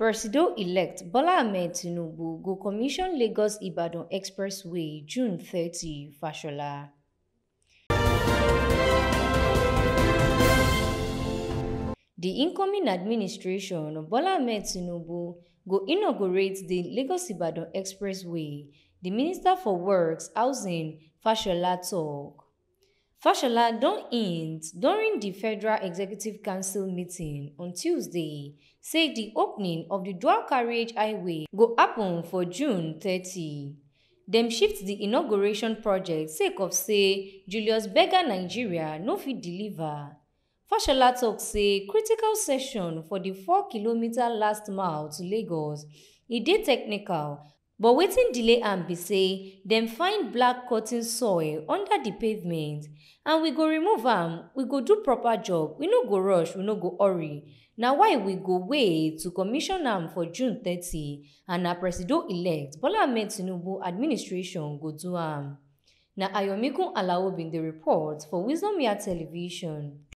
Presido-elect Bola Ahmed Tinubu go commission Lagos-Ibadan Expressway June 30, Fashola. The incoming administration of Bola Ahmed Tinubu go inaugurate the Lagos-Ibadan Expressway, the Minister for Works, Housing, Fashola talk. Fashola don't hint during the Federal Executive Council meeting on Tuesday said the opening of the dual carriage highway go happen for June 30. Dem shift the inauguration project sake of say Julius Berger Nigeria no fit deliver. Fashola tok say critical session for the 4km last mile to Lagos e dey technical but waiting delay am be say dem find black cotton soil under the pavement and we go remove them. we go do proper job we no go rush we no go hurry Now why we go wait to commission them for june thirty and na presido-elect bola ahmed tinubu administration go do them. Now ayomikun alao bin dey report for wisdom yard television.